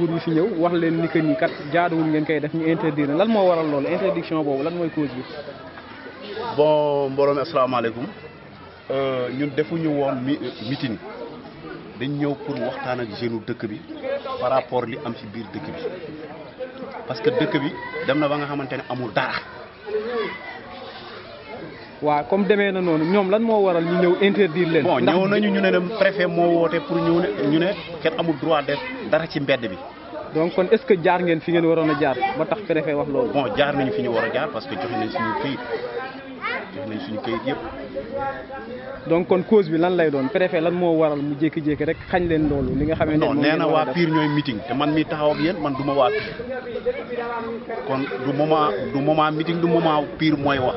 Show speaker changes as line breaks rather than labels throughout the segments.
buur bi fi ñëw wax leen ni que ni kat jaaduwul ngeen koy def ñu interdire lan moo waral loolu interdiction boobu lan mooy cause bi. bon mbooloo mi asalaamaaleykum euh, ñun defuñu woon mi meeting dañ ñëw pour waxtaan ak jeune dëkk bi par rapport li am ci biir dëkk bi parce que dëkk bi dem na ba nga xamante ne amul dara. waaw comme demee na noonu ñoom lan moo waral ñu ñëw interdire leen. bon ñëw nañu ñu ne ne préfet moo woote pour ñu ne ñu ne kenn amul droit def dara ci mbedd bi. donc kon est-ce que jaar ngeen fi ngeen waroon a jaar ba tax préfet wax loolu. bon jaar nañu fi ñu war jaar parce que joxe nañ suñu këyit joxe nañ suñu këyit yëpp. donc kon cause bi lan lay doon préfet lan moo waral mu jékki-jékki rek xañ leen loolu li nga xam ne non nee na waa Pire ñooy meeting te man mi taxaw yéen man du ma waa Pire moment du moment meeting du mooy wax.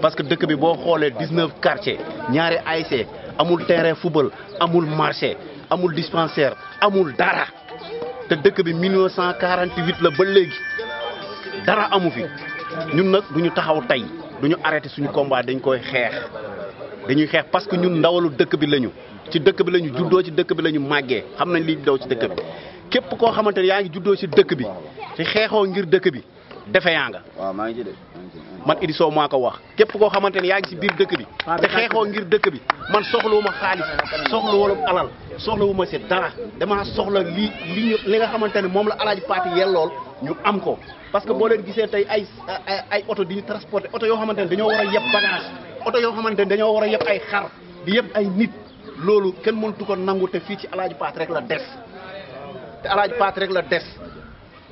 parce que dëkk bi boo xoolee dix-neuf quartiers ñaari ASC amul terrain football amul marché amul dispensaire amul dara te dëkk bi 1948 la ba léegi dara amu fi ñun nag du ñu taxaw tey du ñu arrêté suñu combat dañ koy xeex dañuy xeex parce que ñun ndawalu dëkk bi lañu ci dëkk bi lañu juddoo ci dëkk bi lañu màggee xam nañ liy daw ci dëkk bi képp koo xamante ne yaa ngi juddoo ci dëkk bi te xeexoo ngir dëkk bi. defe yaa nga man Idi Sow maa ko wax képp koo xamante ne yaa ngi si biir dëkk bi te xeexoo ngir dëkk bi man soxlawuma xaalis soxlawuma alal soxla soxlawuma si dara damaa soxla lii li li nga xamante ne moom la alaaji Paate yellool ñu am ko parce que boo leen gisee tey ay ay oto di ñu transporté oto yoo xamante ne dañoo war a yeb bagage oto yoo xamante ne dañoo war a yeb ay xar di yeb ay nit loolu kenn mëntu ko nangu te fii ci alaaji Paate rek la des te alaaji rek la des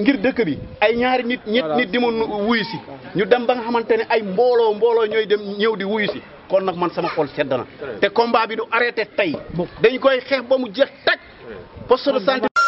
ngir dëkk bi ay ñaari nit ñett nit di ma wuyu si ñu dem ba nga xamante ne ay mbooloo mbooloo ñooy dem ñëw di wuyu si kon nag man sama xol sedd na te combat bi nu arrêté tey dañ koy xeex ba mu jeex taj poste de santé